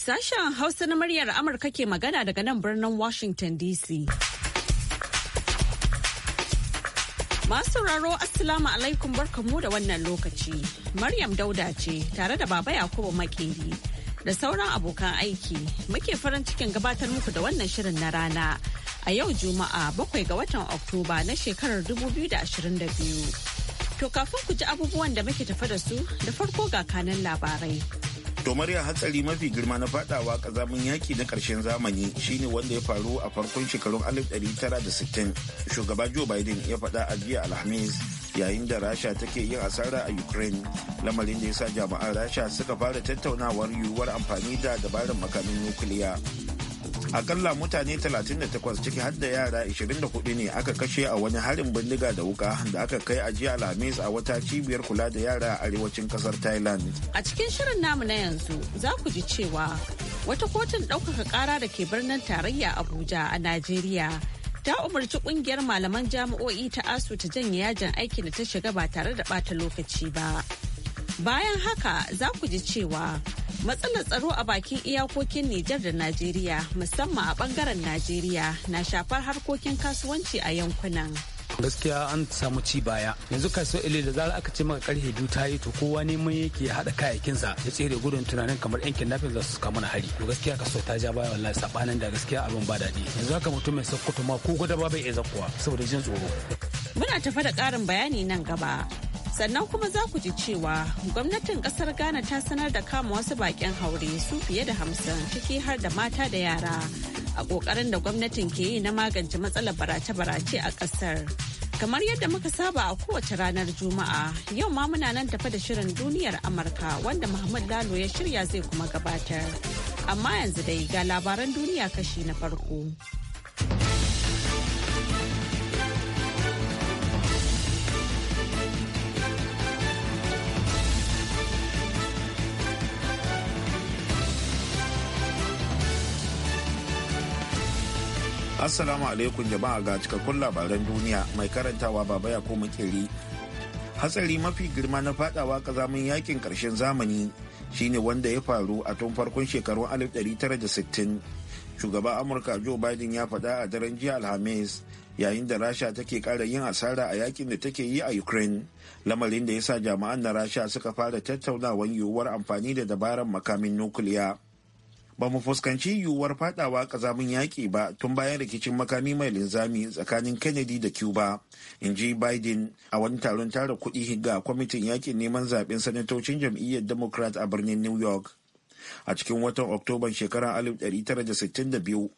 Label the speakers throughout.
Speaker 1: Sashen Hausa na muryar Amurka ke magana daga nan birnin Washington DC. Masu sauraro Assalamu alaikum barkamu da wannan lokaci. Maryam Dauda ce tare da Baba Yakubu Makeri da sauran abokan aiki muke farin cikin gabatar muku da wannan shirin na rana. A yau Juma'a bakwai ga watan Oktoba na shekarar 2022. To kafin ku ji abubuwan da muke tafa da su da farko ga kanan labarai.
Speaker 2: To murya hatsari mafi girma na fadawa kazamin yaki na karshen zamani shine wanda ya faru a farkon shekarun 1960 shugaba Joe Biden ya fada a jiya Alhamis yayin da Rasha take yin asara a Ukraine lamarin da ya sa jami'an Rasha suka fara tattaunawar yiwuwar amfani da dabarar makamin nukiliya. akalla mutane 38 ciki har da yara 24 ne aka kashe a wani harin bindiga da wuka da aka kai a jiya alhamis a wata cibiyar kula da yara a arewacin kasar thailand
Speaker 1: a cikin shirin namu na yanzu za ku ji cewa wata kotun ɗaukaka ƙara da ke birnin tarayya abuja a najeriya ta umarci kungiyar malaman jami'o'i ta asu ta janye yajin aikin da ta shiga ba tare da ɓata lokaci ba bayan haka za ku ji cewa matsalar tsaro a bakin iyakokin Nijar da Najeriya musamman a bangaren Najeriya na shafar harkokin kasuwanci a yankunan.
Speaker 3: gaskiya an samu ci baya yanzu kasuwar ile da zara aka ce maka karfe biyu ta yi to kowa neman yake haɗa kayakinsa ya tsere gudun tunanin kamar yan kidnapping za su kama na hari to gaskiya kaso ta ja baya wallahi sabanin da gaskiya abin ba daɗi yanzu haka mutum mai sakkwato ma ko gwada ba bai iya zakkuwa saboda jin tsoro
Speaker 1: muna tafa da ƙarin bayani nan gaba sannan kuma za ku ji cewa gwamnatin kasar ghana ta sanar da kama wasu baƙin haure su fiye da hamsin ciki har da mata da yara a ƙoƙarin da gwamnatin ke yi na magance matsalar barace-barace a ƙasar kamar yadda muka saba a kowace ranar juma'a yau ma muna nan tafa da shirin duniyar amurka wanda muhammad lalo ya shirya zai kuma gabatar amma yanzu dai ga labaran duniya kashi na farko
Speaker 2: Assalamu alaikum jama'a ga cikakkun labaran duniya mai karantawa baba ya koma makeri. Hatsari mafi girma na fadawa kazamin yakin karshen zamani shine wanda ya faru a tun farkon shekarun 1960. Shugaban Amurka Joe Biden ya faɗa a daren jiya Alhamis yayin da Rasha take ƙara yin asara a yakin da take yi a Ukraine. Lamarin da ya sa jama'an na Rasha suka fara tattaunawar yiwuwar amfani da dabaran makamin nukiliya. ba mu fuskanci yiwuwar fadawa kazamin yaƙi ba tun bayan rikicin makami mai linzami tsakanin kennedy da cuba in ji biden a wani taron tara kuɗi ga kwamitin yaƙin neman zaɓen sanatocin jam'iyyar democrat a birnin new york a cikin watan oktoban shekarar 1962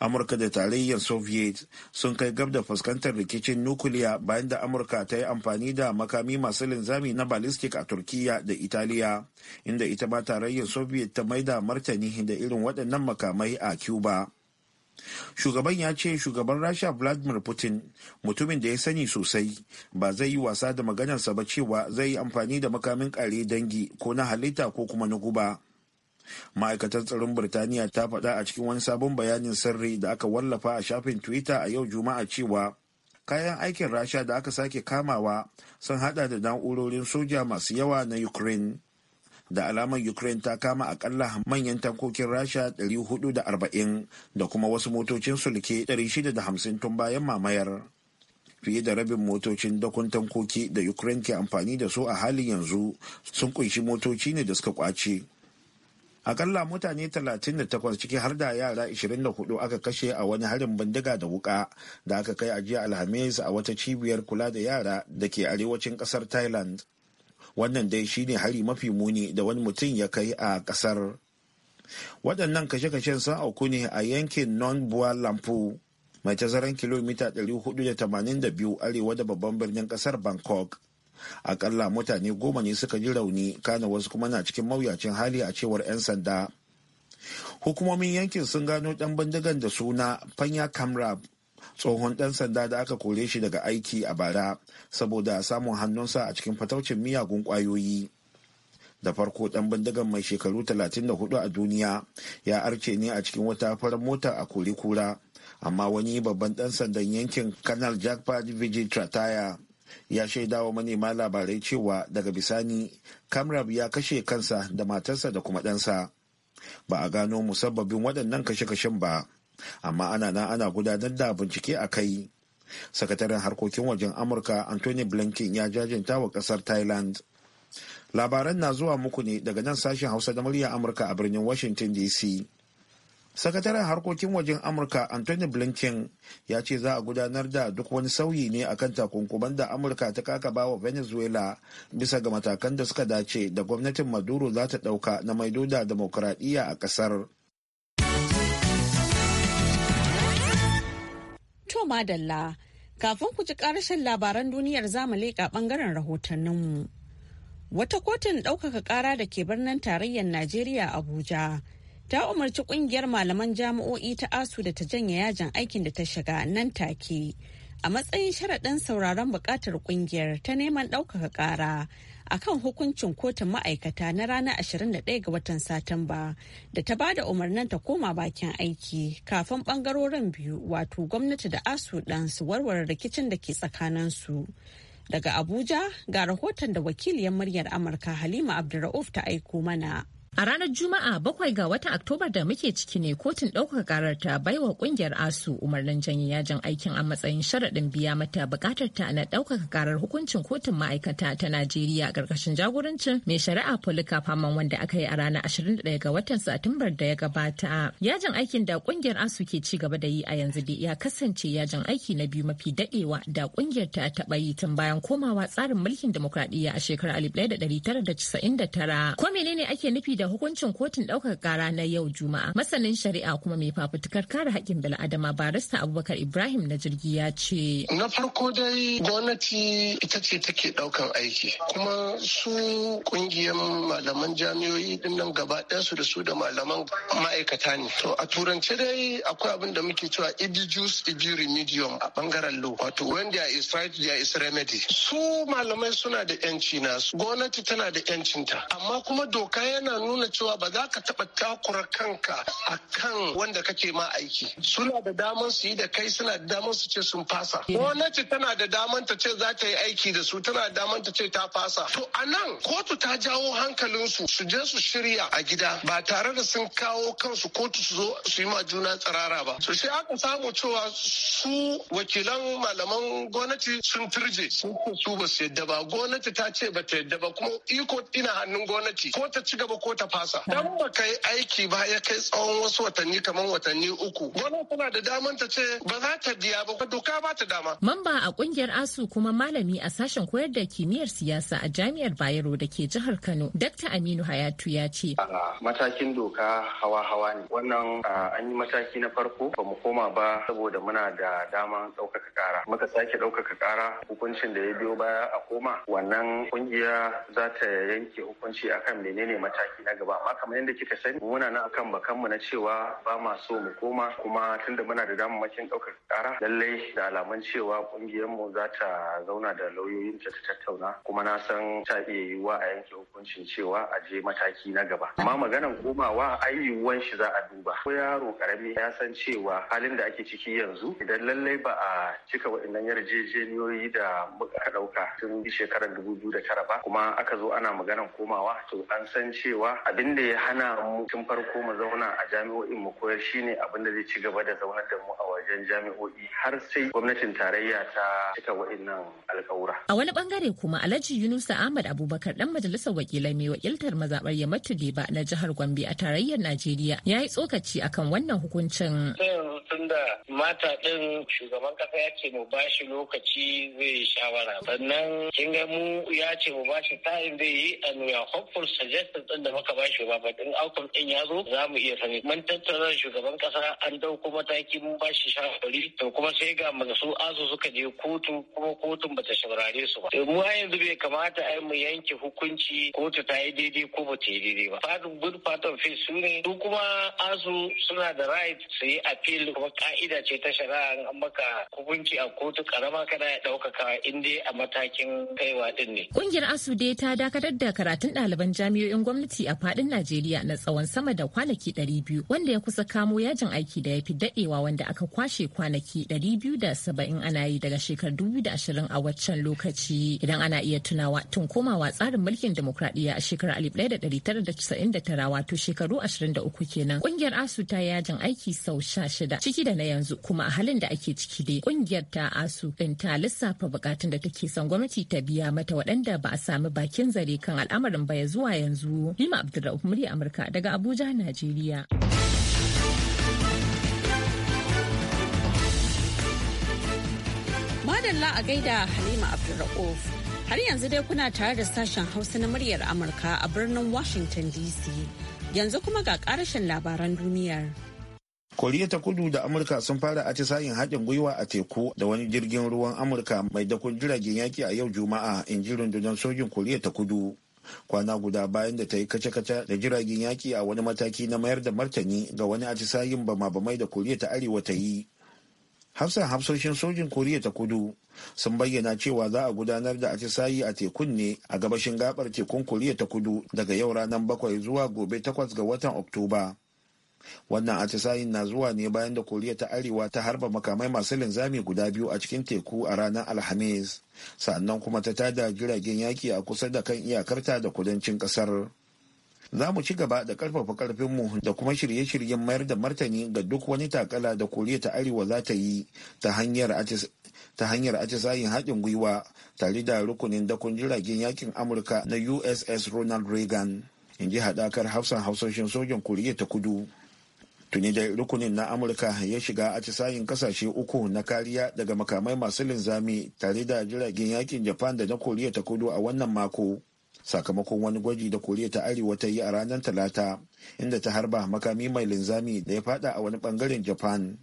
Speaker 2: amurka da tarayyar soviet sun kai gab da fuskantar rikicin nukuliya bayan da amurka ta yi amfani da makami masu linzami na ballistic a turkiyya da italiya inda ita ma tarayyar soviet ta maida martani da irin waɗannan makamai a cuba shugaban ya ce shugaban rasha vladimir putin mutumin da ya sani sosai ba zai yi wasa da maganarsa ba cewa zai yi amfani da makamin kare dangi ko na halitta ko kuma na guba ma'aikatar tsaron birtaniya ta faɗa a cikin wani sabon bayanin sirri da aka wallafa a shafin twitter a yau juma'a cewa kayan aikin rasha da aka sake kamawa sun hada da na'urorin soja masu yawa na ukraine da alamar ukraine ta kama akalla manyan tankokin rasha 440 da kuma wasu motocin sulke 650 tun bayan mamayar fiye da rabin motocin dakon tankoki da ukraine ke amfani da su a halin yanzu sun kunshi motoci ne da suka kwace akalla mutane 38 ciki har da yara 24 aka kashe a wani harin bindiga da wuka da aka kai a jiya alhamis a wata cibiyar kula da yara da ke arewacin kasar thailand wannan dai shine hari mafi muni da wani mutum ya kai a kasar waɗannan kashe-kashen sun auku ne a yankin non buwa lampu mai tazaran kilomita 482 arewa da babban birnin kasar bangkok akalla mutane goma ne suka ji rauni kana wasu kuma na cikin mawuyacin hali a cewar 'yan sanda hukumomin yankin sun gano dan bindigan da suna fanya kamra tsohon dan sanda da aka kore shi daga aiki a bara saboda samun hannunsa a cikin fataucin miyagun kwayoyi da farko dan bindigan mai shekaru 34 a duniya ya arce ne a cikin wata farar mota a kore kura amma wani babban dan sandan yankin kanal jackpot vijay trataya ya shaida wa manema labarai cewa daga bisani kamrab ya kashe kansa da matarsa da kuma ɗansa ba a gano musabbabin waɗannan kashe-kashen ba amma ana nan ana gudanar da bincike a kai sakataren harkokin wajen amurka anthony blinken ya jajinta wa ƙasar thailand labaran na zuwa muku ne daga nan sashen hausa da murya amurka a birnin washington dc sakataren harkokin wajen amurka anthony blinken ya ce za a gudanar da duk wani sauyi ne akan takunkuman da amurka ta ba wa venezuela bisa ga matakan da suka dace da gwamnatin maduro za ta dauka na maido da demokuraɗiyya
Speaker 1: a ƙasar to madalla kafin ku ji ƙarashin labaran duniyar zamu leƙa ɓangaren rahotanninmu wata kotun ɗaukaka ƙara da ke birnin tarayyar najeriya abuja ta umarci kungiyar malaman jami'o'i ta asu da ta janye yajin aikin da ta shiga nan take a matsayin sharaɗin sauraron buƙatar kungiyar ta neman ɗaukaka ƙara akan hukuncin kotun ma'aikata na ranar 21 ga watan satumba da ta ba da umarnin ta koma bakin aiki kafin ɓangarorin biyu wato gwamnati da asu ɗan su warware rikicin da ke tsakanin su daga abuja ga rahoton da wakiliyar muryar amurka halima abdulra'uf ta aiko mana A ranar Juma'a bakwai
Speaker 4: ga watan Oktoba da muke ciki ne kotun ɗaukaka karar ta baiwa kungiyar ASU umarnin janye yajin aikin a matsayin sharaɗin biya mata buƙatar ta na ɗaukaka karar hukuncin kotun ma'aikata ta Najeriya ƙarƙashin jagorancin mai shari'a Polika Faman wanda aka yi a ranar 21 ga watan Satumbar da ya gabata. Yajin aikin da kungiyar ASU ke ci gaba da yi a yanzu dai ya kasance yajin aiki na biyu mafi daɗewa da kungiyar ta taɓa yi tun bayan komawa tsarin mulkin demokradiyya a shekarar 1999. Ko menene ake nufi da da hukuncin kotun ɗaukar kara na yau Juma'a. Masanin shari'a kuma mai fafutukar kare haƙƙin bil'adama barista Abubakar Ibrahim na jirgi ya ce. Na farko dai
Speaker 5: gwamnati ita ce take ɗaukar aiki kuma su ƙungiyar malaman jami'o'i din nan gaba ɗaya su da su da malaman ma'aikata ne. To a turance dai akwai abin da muke cewa idijus idi remedium a bangaren lo wato When there is right there is remedy. Su malamai suna da 'yanci nasu gwamnati tana da 'yancinta amma kuma doka yana nuna nuna cewa ba za ka taɓa takura kanka a kan wanda kake ma aiki suna da daman su yi da kai suna da daman su ce sun fasa gwamnati tana da daman ta ce za ta yi aiki da su tana da daman ta ce ta fasa to a nan kotu ta jawo hankalinsu su je su shirya a gida ba tare da sun kawo kansu kotu su zo su yi ma juna tsirara ba to sai aka samu cewa su wakilan malaman gwamnati sun turje su ba su yadda ba gwamnati ta ce ba ta yadda ba kuma iko ina hannun gwamnati ko ta ci gaba ko ta fasa dan ba kai aiki ba ya kai tsawon wasu watanni kamar watanni uku gwamnati tana da daman ta ce ba za ta
Speaker 4: biya ba doka ba ta dama mamba a kungiyar asu kuma malami a sashen koyar da kimiyyar siyasa a jami'ar bayero da ke jihar kano dr aminu hayatu ya ce
Speaker 6: matakin doka hawa-hawa ne wannan an yi mataki na farko ba mu koma ba saboda muna da daman ɗaukaka ƙara muka sake ɗaukaka ƙara hukuncin da ya biyo baya a koma wannan kungiya za ta yanke hukunci akan menene mataki na gaba amma kamar yadda kika sani muna nan akan mu na cewa ba ma so mu koma kuma tunda muna da damammakin ɗaukar kara lallai da alamun cewa mu za ta zauna da lauyoyin ta tattauna kuma na san ta iya yiwuwa a yanke hukuncin cewa a je mataki na gaba amma maganan komawa ai yiwuwan shi za a duba ko yaro karami ya san cewa halin da ake ciki yanzu idan lallai ba a cika waɗannan yarjejeniyoyi da muka ɗauka tun shekarar dubu biyu da
Speaker 7: tara ba kuma aka zo ana maganan komawa to an san cewa abin da ya hana mu tun farko mu zauna a jami'o'in mu koyar shine abin da zai ci gaba da zaunar da mu a wajen jami'o'i har sai gwamnatin tarayya ta cika wa'innan
Speaker 4: alƙawura. A wani bangare kuma Alhaji Yunusa Ahmad Abubakar dan majalisar wakilai mai wakiltar mazabar Yamatu Deba na jihar Gombe a tarayyar Najeriya ya yi tsokaci akan wannan hukuncin.
Speaker 8: Tun da mata ɗin shugaban kasa ya ce mu bashi lokaci zai shawara. Sannan kin ga mu ya ce mu bashi time zai yi a we are hopeful suggestions ɗin da aka ba shi ba in outcome din ya zo za mu iya sani mun tattara shugaban kasa an dauko matakin mun ba shi shawarwari to kuma sai ga su azu suka je kotu kuma kotun bata shaurare su ba mu yanzu bai kamata ai mu yanke hukunci kotu ta yi daidai ko ba ta yi daidai ba fadin good part of su ne su kuma azu suna da right su yi appeal kuma ka'ida ce ta shari'a an maka hukunci a kotu karama kana ya daukaka in dai a matakin kaiwa din ne kungiyar
Speaker 4: asu dai ta dakatar da karatun ɗaliban jami'o'in gwamnati a a fadin Najeriya na tsawon sama da kwanaki 200 wanda ya kusa kamo yajin aiki da ya fi daɗewa wanda aka kwashe kwanaki 270 ana yi daga shekarar 2020 a waccan lokaci idan ana iya tunawa tun komawa tsarin mulkin demokradiyya a shekarar 1999 wato shekaru 23 kenan Ƙungiyar asu ta yajin aiki sau 16 ciki da na yanzu kuma a halin da ake ciki dai ƙungiyar ta asu din ta lissafa bukatun da take son gwamnati ta biya mata waɗanda ba a sami bakin zare kan al'amarin ba ya zuwa yanzu lima Abdulrauf murya Amurka daga Abuja, Najeriya.
Speaker 1: Madalla a gaida Halima Abdulrauf. Har yanzu dai kuna tare da sashen Hausa na muryar Amurka a birnin Washington DC. Yanzu kuma ga karashin labaran duniyar.
Speaker 2: koriya ta kudu da amurka sun fara atisayin haɗin gwiwa a teku da wani jirgin ruwan amurka mai dakon jiragen yaki a yau juma'a in ji rundunar sojin koriya ta kudu kwana guda bayan da ta yi kace-kace da jiragen yaki a wani mataki na mayar da martani ga wani atisayin bama-bamai da koriya ta arewa ta yi hafsan hafsoshin sojin koriya ta kudu sun bayyana cewa za a gudanar da atisayi a tekun ne a gabashin gabar tekun koriya ta kudu daga yau ranar bakwai zuwa gobe takwas ga watan oktoba wannan atisayin na zuwa ne bayan da koriya ta arewa ta harba makamai masu linzami guda biyu a cikin teku a ranar alhamis sannan kuma ta tada jiragen yaki a kusa da kan iyakarta da kudancin kasar za mu ci gaba da karfafa karfinmu da kuma shirye-shiryen mayar da martani ga duk wani takala da koriya ta arewa za ta yi ta hanyar ta atisayin haɗin gwiwa tare da rukunin dakon jiragen yakin amurka na uss ronald reagan in ji haɗakar hafsan hausoshin sojan koriya ta kudu tuni dai rukunin na amurka ya shiga a cisayin kasashe uku na kariya daga makamai masu linzami tare da jiragen yakin japan da na koriya ta kudu a wannan mako sakamakon wani gwaji da koriya ta arewa ta yi a ranar talata inda ta harba makami mai linzami da ya fada a wani bangaren japan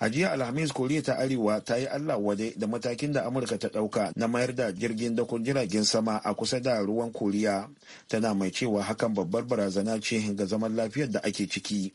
Speaker 2: a jiya alhamis koriya ta arewa ta yi allah wade da matakin da amurka ta dauka na mayar da jirgin dakon jiragen sama a kusa da ruwan koriya tana mai cewa hakan babbar barazana ce ga zaman lafiyar da ake ciki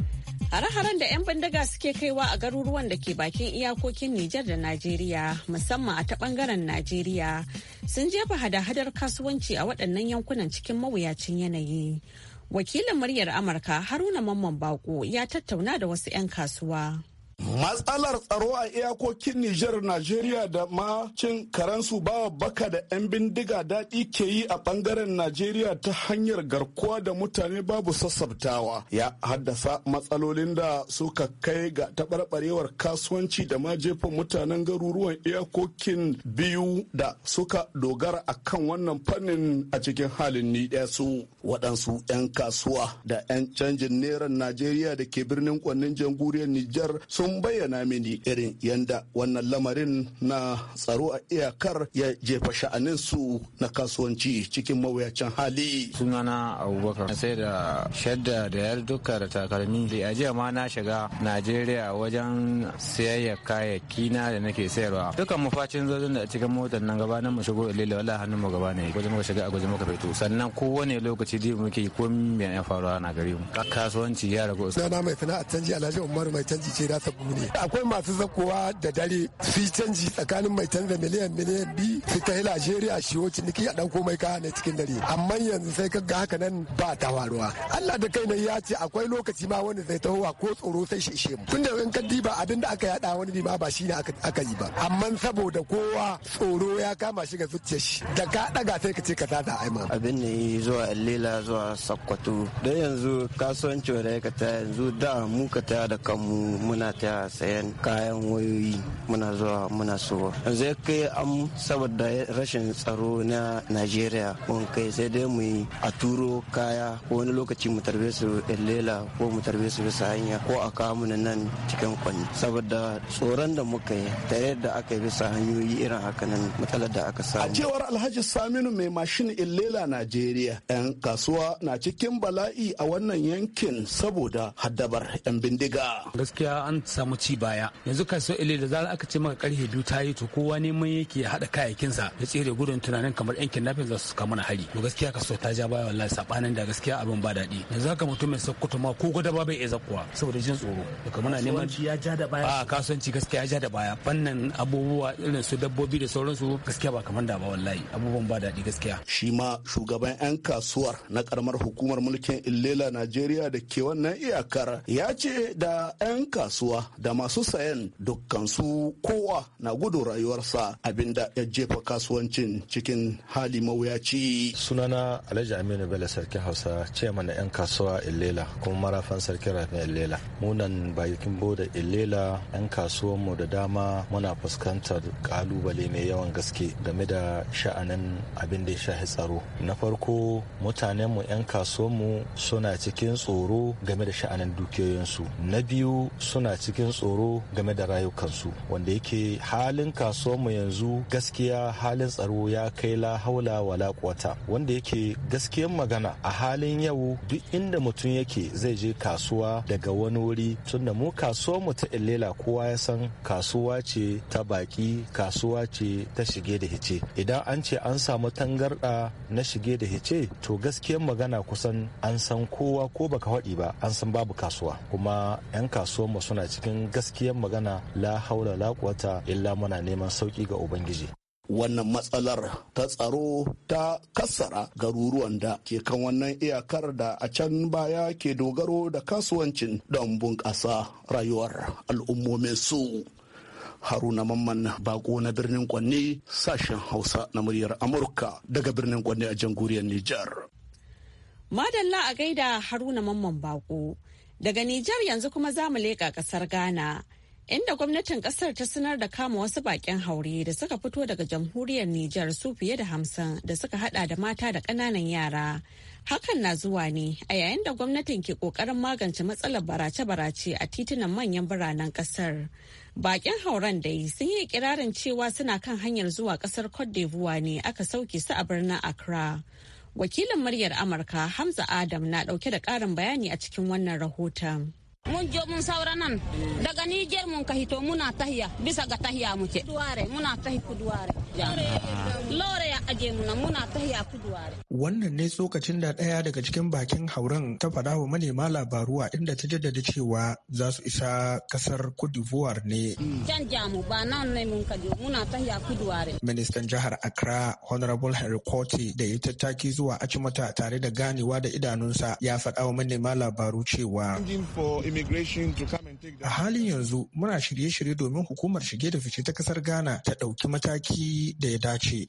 Speaker 1: Hare-haren da 'yan bindiga suke kaiwa a garuruwan da ke bakin iyakokin Nijar da Najeriya musamman a ta bangaren Najeriya sun jefa hada-hadar kasuwanci a waɗannan yankunan cikin mawuyacin yanayi. Wakilin muryar Amurka Haruna Mamman Bako ya tattauna da wasu 'yan kasuwa.
Speaker 3: Matsalar tsaro a iyakokin niger Najeriya da ma cin karansu bawa baka da 'yan bindiga daɗi ke yi a ɓangaren Najeriya ta hanyar garkuwa da mutane babu sassabtawa ya haddasa matsalolin da suka kai ga taɓarɓarewar kasuwanci da ma jefa mutanen garuruwan iyakokin biyu da suka dogara a kan wannan fannin a cikin halin ni su waɗansu 'yan kasuwa da 'yan canjin neran Najeriya da ke birnin kwannin jamhuriyar Nijar sun sun bayyana mini irin yanda wannan lamarin na tsaro a iyakar ya jefa sha'anin su na kasuwanci cikin mawuyacin
Speaker 9: hali. Sunana Abubakar sai da shadda da yar duka da takalmi. A jiya ma na shiga Najeriya wajen sayayya kayayyaki na da nake sayarwa. Dukan mafacin zozon da cikin motar nan gaba nan mu shigo ilila wala hannun mu gaba ne. Gwaje muka shiga a gwaje muka fito. Sannan kowane lokaci da muke ko me ya faruwa na gari mu. Kasuwanci ya ragu. na mai
Speaker 3: sana'ar canji Alhaji Umaru mai canji ce da ta ne akwai masu zakowa da dare su canji tsakanin mai canza miliyan miliyan bi su ta yi Najeriya shi wuce niki a ɗauko mai kaya ne cikin dare amma yanzu sai kaga haka nan ba ta faruwa Allah da kai ya ce akwai lokaci ma wani zai tahowa ko tsoro sai shi ishe mu da in ka diba abin da aka yada wani bi ma ba ne aka yi ba amma saboda kowa tsoro ya kama shi ga zuciyar shi da ka daga sai ka ce ka tada aima abin ne zuwa lela zuwa sakkwato don yanzu kasuwancin da ya ka ta yanzu da mu ka ta da kanmu muna ta sayan kayan wayoyi muna zuwa muna sowa yanzu ya kai am saboda rashin tsaro na najeriya mun kai sai dai mu yi a turo kaya ko wani lokaci mu tarbe su lela ko mu tarbe su bisa hanya ko a kawo nan cikin kwanni saboda tsoron da muka yi ta yadda aka yi bisa hanyoyi irin haka nan matsalar da aka samu a cewar alhaji saminu mai mashin illela najeriya yan kasuwa na cikin bala'i a wannan yankin saboda haddabar yan bindiga gaskiya an samu ci baya yanzu kaso ile da zara aka ce maka karfe biyu ta yi to kowa neman yake ya haɗa sa ya tsere gudun tunanin kamar yan kidnapping za su kama na hari to gaskiya ka so ta ja baya wallahi sabanin da gaskiya abin ba daɗi yanzu haka mutum mai sakkuta ma ko gwada ba bai iya zakkuwa saboda jin tsoro daga muna neman ya ja da baya a kasuwanci gaskiya ya ja da baya fannin abubuwa irin su dabbobi da sauransu gaskiya ba kamar da ba wallahi abubuwan ba daɗi gaskiya shi ma shugaban yan kasuwar na karamar hukumar mulkin illela najeriya da ke wannan iyakar ya ce da yan kasuwa da masu sayan dukkansu kowa na gudu rayuwarsa abinda ya jefa kasuwancin cikin hali mawuyaci. Sunana
Speaker 7: Alhaji Aminu Bello Sarki Hausa ce mana 'yan kasuwa Ilela kuma marafan Sarki Rafi Ilela. Munan bakin boda Ilela 'yan kasuwanmu da dama muna fuskantar kalubale mai yawan gaske game da sha'anin abin da ya shahi tsaro. Na farko mutanenmu 'yan kasuwanmu suna cikin tsoro game da sha'anin dukiyoyinsu. Na biyu suna cikin cikin tsoro game da rayukansu wanda yake halin kasuwanmu yanzu gaskiya halin tsaro ya kai la haula wala kwata wanda yake gaskiyan magana a halin yau duk inda mutum yake zai je kasuwa daga wani wuri tunda mu kasuwanmu ta illela kowa ya san kasuwa ce ta baki kasuwa ce ta shige da hice idan an ce an samu tangarda na shige da hice to gaskiyan magana kusan an san kowa ko baka haɗi ba an san babu kasuwa kuma 'yan mu suna cikin cikin gaskiyar magana la haula la quwata illa muna neman
Speaker 3: sauki ga ubangiji wannan matsalar ta tsaro ta kassara garuruwan da ke kan wannan iyakar da a can baya ke dogaro da kasuwancin don bunƙasa rayuwar al'ummomin su haruna mamman bako na birnin kwanne sashen hausa na muryar amurka daga birnin kwanne a jamhuriyar nijar
Speaker 1: madalla a gaida haruna mamman bako Daga Nijar yanzu kuma za mu leƙa ƙasar Ghana, inda gwamnatin ƙasar ta sanar da kama wasu baƙin haure da suka fito daga jamhuriyar Nijar su fiye da hamsin da suka hada da mata da ƙananan yara. Hakan na zuwa ne a yayin da gwamnatin ke ƙoƙarin magance matsalar barace-barace a titunan manyan biranen ƙasar. Baƙin hauren dai sun yi ƙirarin cewa suna kan hanyar zuwa ƙasar Cote d'Ivoire ne aka sauke su a birnin Accra. Wakilin muryar Amurka Hamza Adam na ɗauke da ƙarin bayani a cikin wannan rahoton. mun je mun saura nan daga Niger mun ka hito muna tahiya bisa ga tahiya ce duware muna tahi kuduware lore ya aje muna muna tahiya kuduware
Speaker 10: wannan ne tsokacin da daya daga cikin bakin hauren ta faɗa wa manema labaru a inda ta jaddada cewa za su isa kasar Cote ne mm.
Speaker 1: can jamu ba nan ne mun ka muna tahiya kuduware
Speaker 10: ministan jihar Accra honorable Henry Kote da ya tattaki zuwa Acimata tare da ganewa da idanunsa ya faɗa wa manema labaru cewa immigration to come A halin yanzu muna shirye-shirye domin hukumar shige da fice ta kasar Ghana ta ɗauki mataki da ya dace.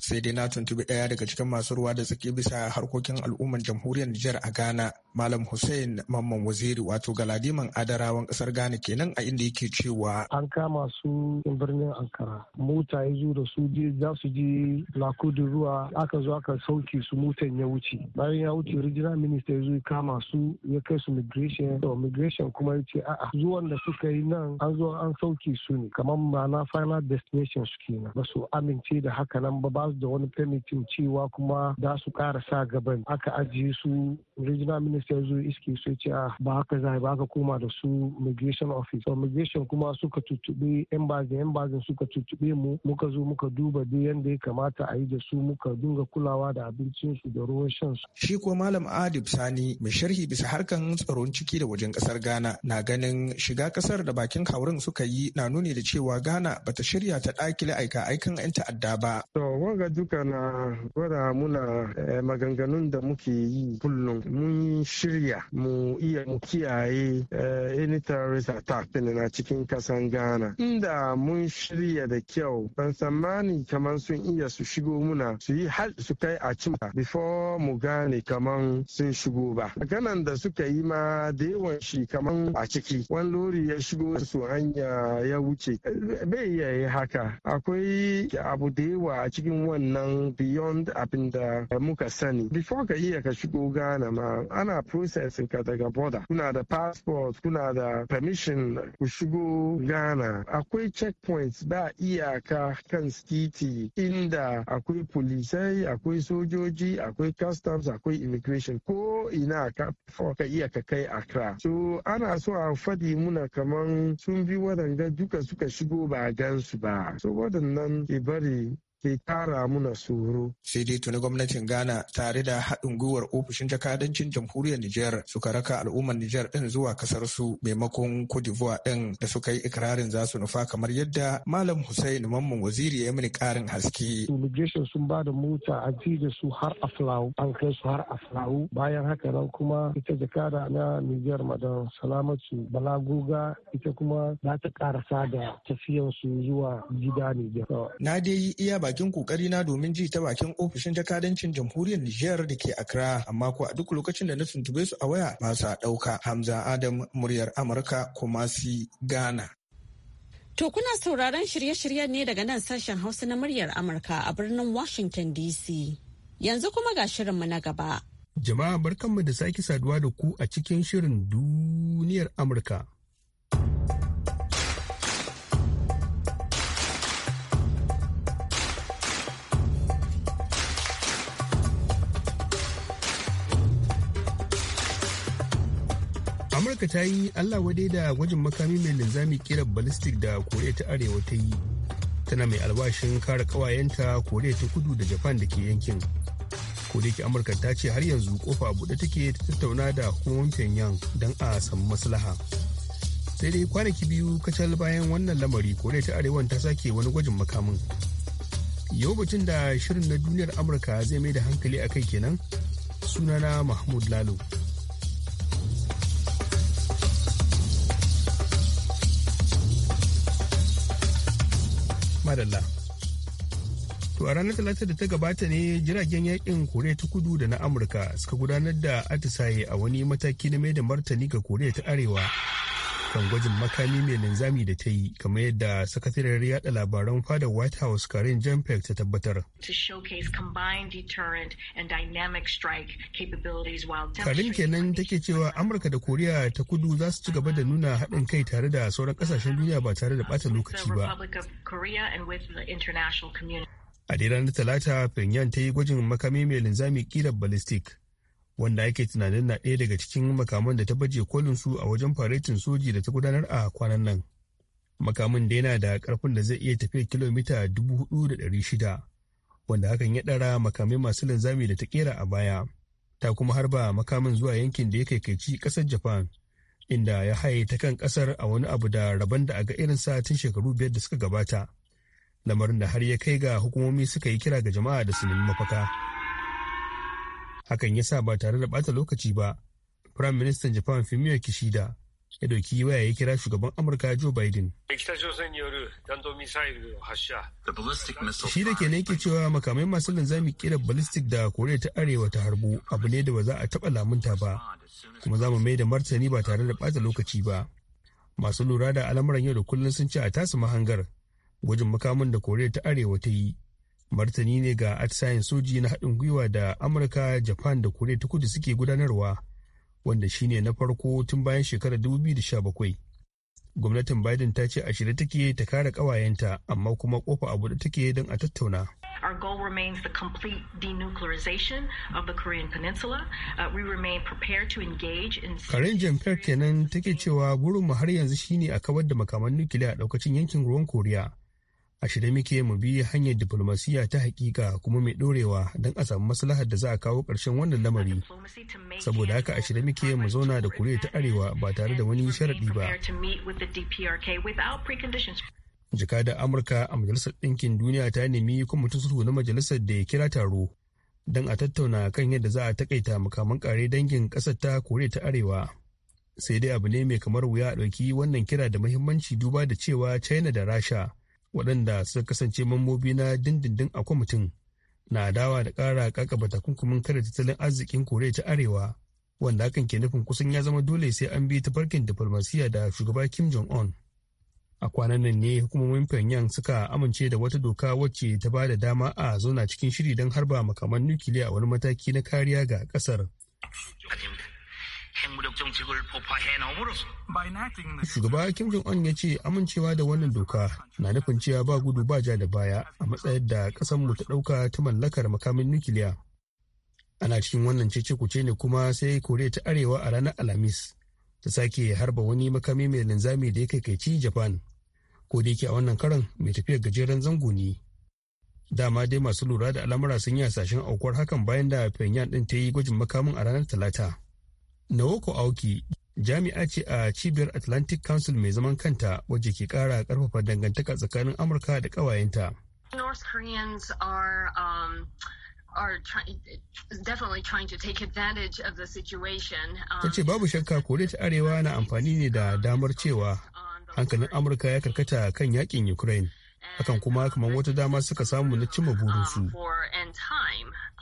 Speaker 10: Sai dai na tuntubi ɗaya daga cikin masu ruwa da tsaki bisa harkokin al'ummar jamhuriyar Nijar a Ghana, Malam Hussein Mamman Waziri wato Galadiman Adarawan kasar Ghana kenan a inda yake cewa.
Speaker 8: An kama su birnin Ankara. Mota ya zo da su je za su je lakudin ruwa aka zo aka sauke su motan ya wuce. Bayan ya wuce Regional Minister ya zo ya kama su ya kai su migration. To migration kuma ce a'a zuwan da suka yi nan an zo an sauke su ne kamar ma'ana final destination su kenan ba su amince da haka nan ba ba su da wani permitin cewa kuma za su ƙara sa gaban aka ajiye su regional minister zo iske su ce a ba haka zai ba haka koma da su migration office so migration kuma suka tuttuɓe embassy embassy suka tuttuɓe mu muka zo muka duba duk yanda ya kamata a yi da su muka dinga kulawa da abincin su da ruwan shan su
Speaker 10: shi ko malam adib sani mai sharhi bisa harkan tsaron ciki da wajen kasar ghana na na ganin shiga kasar da bakin kawurin suka yi na nuni da cewa ghana bata shirya ta dakile aika aikan 'yan
Speaker 11: ta'adda ba to wanga duka na gwada muna eh, maganganun da muke yi kullum mun shirya mu iya mu kiyaye eh, any terrorist attack na cikin kasan ghana inda mun shirya da kyau ban tsammani kamar sun iya su shigo muna su yi hal su kai a cin before mu gane kamar sun shigo ba ganan da suka yi ma da yawan shi kamar a ciki wani lori ya shigo su hanya ya wuce bai yayi yi haka akwai abu da yawa a cikin wannan beyond abinda muka sani before ka iya ka shigo Ghana ma ana processing ka daga border kuna da passport kuna da permission ku shigo Ghana akwai checkpoints ba iyaka kan skiti. inda akwai polisai akwai sojoji akwai customs akwai immigration ko ina ka ka iya ka kai Accra so ana so a fadi muna kaman sun bi waɗanda duka suka shigo ba a gansu ba so waɗannan ke bari ke kara muna tsoro. Sai dai tuni gwamnatin Ghana
Speaker 10: tare da haɗin gwiwar ofishin jakadancin jamhuriyar Nijar suka raka al'ummar Nijar ɗin zuwa kasar su maimakon Cote d'Ivoire ɗin da suka yi ikirarin za su nufa kamar yadda Malam Hussein Mamman Waziri ya mini ƙarin haske.
Speaker 8: Immigration sun ba da mota a da su har a flau an kai su har a flau bayan haka nan kuma ita jakada na Nijar Madan Salamatu Bala, Balagoga ita kuma za ta karasa da tafiyansu zuwa gida Nijar.
Speaker 10: Na dai iya bakin kokari na domin ji ta bakin ofishin jakadancin jamhuriyar Nijar da ke Accra amma ko a duk lokacin da na tuntube su a waya ba sa dauka Hamza Adam muryar Amurka Kumasi Ghana.
Speaker 1: To kuna sauraron shirye-shiryen ne daga nan sashen Hausa na muryar Amurka a birnin Washington DC. Yanzu kuma ga shirinmu na gaba.
Speaker 6: Jama'a barkanmu da sake saduwa da ku a cikin shirin duniyar Amurka. amurka ta yi allah wade da gwajin makami mai linzami kira ballistic da koriya ta arewa ta yi tana mai albashin kare kawayenta koriya ta kudu da japan da ke yankin kodayake amurka ta ce har yanzu kofa buɗe take ta tattauna da hukumomin pyongyang don a samu maslaha sai dai kwanaki biyu kacal bayan wannan lamari koriya ta arewa ta sake wani gwajin makamin yau batun da shirin na duniyar amurka zai mai da hankali a kai kenan sunana mahmud lalo madalla to a ranar talata da ta gabata ne jiragen yakin koriya ta kudu da na amurka suka gudanar da atisaye a wani mataki na mai da martani ga koriya ta arewa kan gwajin makami mai linzami da ta yi kamar yadda sakatariyar yada labaran fadar white house karin jamfek ta tabbatar karin kenan take cewa amurka da koriya ta kudu za su ci gaba da nuna haɗin kai tare da sauran ƙasashen duniya ba tare da ɓata lokaci ba a dai ranar talata pyongyang ta yi gwajin makami mai linzami kilar ballistic wanda ake tunanin na ɗaya daga cikin makaman da ta baje kolin su a wajen faretin soji da ta gudanar a kwanan nan. Makamin da yana da ƙarfin da zai iya tafiya kilomita dubu ɗari shida, wanda hakan ya ɗara makamai masu linzami da ta ƙera a baya. Ta kuma harba makamin zuwa yankin da ya kai kaici ƙasar Japan, inda ya haye ta kan ƙasar a wani abu da rabon da aga sa tun shekaru biyar da suka gabata. Lamarin da har ya kai ga hukumomi suka yi kira ga jama'a da su nemi mafaka. hakan ya sa ba tare da bata lokaci ba prime minister japan fumio kishida ya dauki waya ya kira shugaban amurka joe biden shi da kenan yake cewa makamai masu linzami kira ballistic da koriya ta arewa ta harbu abu ne da ba za a taba lamunta ba kuma za mu mai da martani ba tare da bata lokaci ba masu lura da al'amuran yau da kullum sun ce a tasu mahangar gwajin makamin da koriya ta arewa ta yi martani ne ga atisayen soji na haɗin gwiwa da amurka japan da koriya ta kudu suke gudanarwa wanda shine na farko tun bayan shekarar 2017 gwamnatin biden ta ce a shirye take ta kare kawayenta amma kuma kofa abu da take don a tattauna
Speaker 1: Our goal remains the complete denuclearization of the Korean Peninsula. Uh, we remain prepared to engage in... Karen
Speaker 6: kenan take cewa mu har yanzu shine a kawar da makaman nukiliya a ɗaukacin yankin ruwan Koriya. a shirye muke mu bi hanyar diplomasiya ta hakika kuma mai dorewa don a samu maslahar da za a kawo ƙarshen wannan lamari saboda haka a shirye muke mu zauna da kure ta arewa ba tare da wani sharaɗi ba da amurka a majalisar ɗinkin duniya ta nemi kwamitin sulhu na majalisar da ya kira taro don a tattauna kan yadda za a takaita makaman kare dangin ƙasar ta kore ta arewa sai dai abu ne mai kamar wuya a ɗauki wannan kira da muhimmanci duba da cewa china da rasha waɗanda suka kasance mambobi na dindindin a kwamitin na dawa da ƙara kakaba takunkumin kare tattalin arzikin koriya ta arewa wanda hakan ke nufin kusan ya zama dole sai an bi tafarkin diflomasiyya da shugaba kim jong un a kwanan nan ne hukumomin pyongyang suka amince da wata doka wacce ta ba da dama a zauna cikin shiri don harba makaman nukiliya a wani mataki na kariya ga kasar Shugaba Kim Jong-un ya ce amincewa da wannan doka na nufin cewa ba gudu ba ja da baya a matsayar da mu ta ɗauka ta mallakar makamin nukiliya. Ana cikin wannan cece kuce ne kuma sai Koriya ta Arewa a ranar Alhamis ta sake harba wani makami mai linzami da ya kaikaici Japan. Ko da yake a wannan karan mai tafiyar gajeren zango ne. Dama dai masu lura da al'amura sun yi hasashen aukuwar hakan bayan da Pyongyang ɗin ta yi gwajin makamin a ranar Talata. Nawoko Aoki jami'a ce a cibiyar Atlantic Council mai zaman kanta waje ke kara karfafa dangantaka tsakanin Amurka da kawayenta.
Speaker 4: North Koreans are um, are try, to take advantage of the situation. Um, Tace
Speaker 6: babu shakka Koriya ta Arewa na amfani ne da damar cewa hankalin Amurka ya karkata kan yakin Ukraine. Hakan kuma kamar wata dama suka samu na cimma burinsu.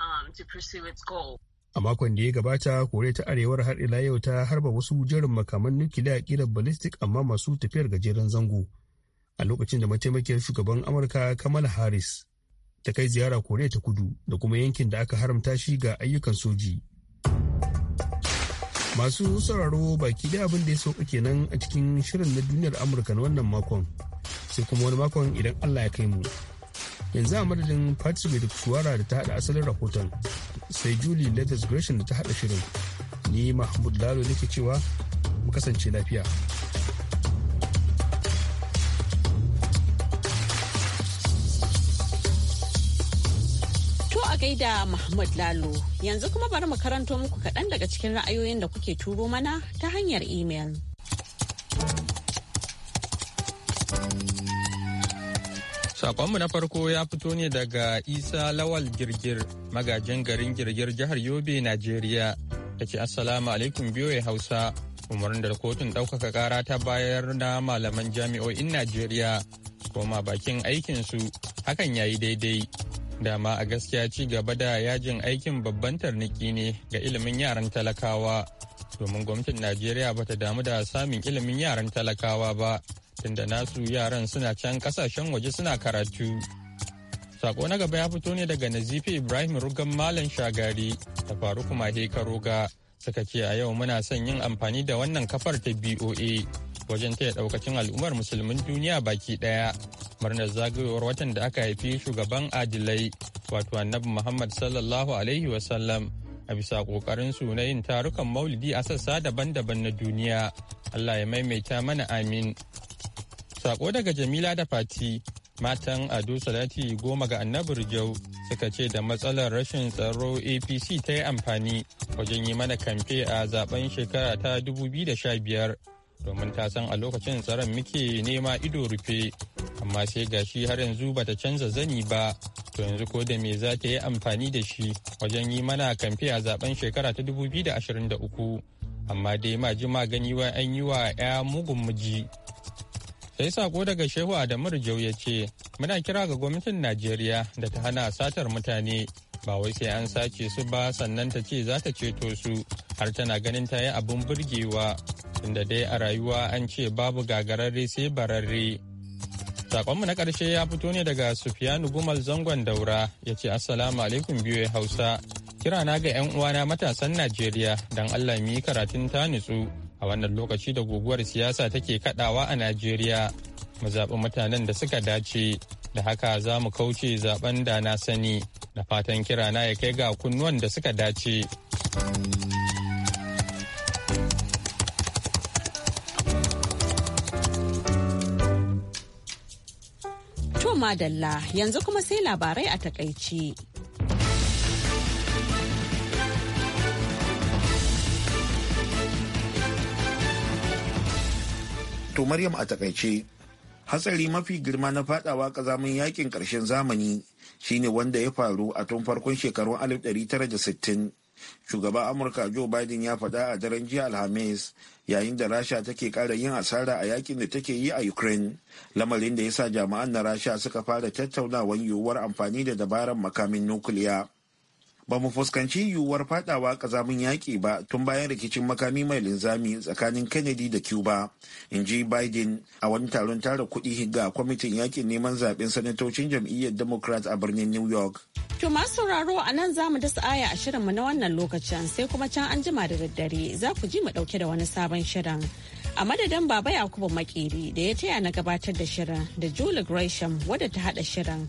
Speaker 1: Um,
Speaker 6: a makon da ya gabata kore ta arewar har ila yau ta harba wasu jerin makaman nukiliya kirar ballistic amma masu tafiyar gajeren zango a lokacin da mataimakiyar shugaban amurka kamala harris ta kai ziyara koriya ta kudu da kuma yankin da aka haramta shi ga ayyukan soji masu sauraro baki da abin da ya sauka kenan a cikin shirin na duniyar amurka na wannan makon sai kuma wani makon idan allah ya kai mu yanzu a madadin patrick da kuwara da ta hada asalin rahoton sai julie letters gresham da ta haɗa shirin ni mahmud lalo nake cewa mu kasance lafiya
Speaker 1: gaida Mahmud Lalo. Yanzu kuma bari mu karanto muku kaɗan daga cikin ra'ayoyin da kuke turo mana ta hanyar imel.
Speaker 9: Sakonmu na farko ya fito ne daga Isa Lawal Girgir, magajin garin Girgir jihar Yobe, Najeriya, Ta ce Assalamu alaikum biyoyi Hausa, umarnin da kotun ɗaukaka ƙara ta bayar na malaman jami'o'in Najeriya, koma bakin aikinsu, hakan ya yi daidai. Dama a gaskiya ci gaba da yajin aikin babban tarniki ne ga ilimin yaran talakawa domin gwamnatin najeriya ba ta damu da samun ilimin yaran talakawa ba tunda nasu yaran suna can kasashen waje suna karatu sako na gaba ya fito ne daga nazifi ibrahim rugan malam shagari ta faru kuma ga suka ce a yau muna son yin amfani da wannan kafar ta boa wajen taya daukacin al'ummar musulmin duniya baki daya murnar zagayowar watan da aka haifi shugaban adilai wato annabi muhammad sallallahu alaihi wasallam a bisa su na yin tarukan maulidi a sassa daban-daban na duniya. Allah ya maimaita mana amin. Sako daga Jamila da Fati, matan Ado Salati goma ga annabi Rijau suka ce da matsalar rashin tsaro APC ta yi amfani wajen yi mana kamfe a zaben shekara ta 2015 domin ta san a lokacin tsaron muke nema ido rufe amma sai gashi har yanzu bata canza zani ba to yanzu ko da me za ta yi amfani da shi wajen yi mana kamfe a zaben shekara ta 2023 amma dai ma ji magani wa an yi wa 'ya mugun miji sai sako daga shehu adamu jau ya ce muna kira ga gwamnatin najeriya da ta hana satar mutane ba wai sai an sace su ba sannan ta ce za ta ceto su har tana ganin ta yi abin burgewa tunda dai a rayuwa an ce babu gagararre sai bararre sakonmu na ƙarshe ya fito ne daga sufiyanu gumal zangon daura ya ce assalamu alaikum biyu hausa kira na ga 'yan uwana matasan najeriya don allah mu yi karatun ta nutsu a wannan lokaci da guguwar siyasa take kadawa a najeriya mu zaɓi mutanen da suka dace da haka za mu kauce zaben da na sani da fatan kirana ya kai ga kunnuwan da suka dace.
Speaker 1: To madalla yanzu kuma sai labarai a takaici.
Speaker 2: To Maryam a takaice hatsari mafi girma na fadawa kazamin yakin ƙarshen zamani shine wanda ya faru a tun farkon shekarun 1960 shugaban amurka joe biden ya faɗa a daren jiya alhamis yayin da rasha take ƙara yin asara a yakin da take yi a ukraine lamarin da ya sa jami'an na rasha suka fara tattaunawar yiwuwar amfani da dabaran makamin nukiliya ba mu fuskanci yiwuwar fadawa kazamin yaƙi ba tun bayan rikicin makami mai linzami tsakanin kennedy da cuba in ji biden a wani taron tara kuɗi ga kwamitin yaƙin neman zaɓen sanatocin jam'iyyar democrat a birnin new york
Speaker 1: to masu sauraro a nan za mu dasa aya a shirinmu na wannan lokacin sai kuma can an jima da daddare za ku ji mu ɗauke da wani sabon shirin a madadin baba yakubu makeri da ya taya na gabatar da shirin da julie gresham wadda ta haɗa shirin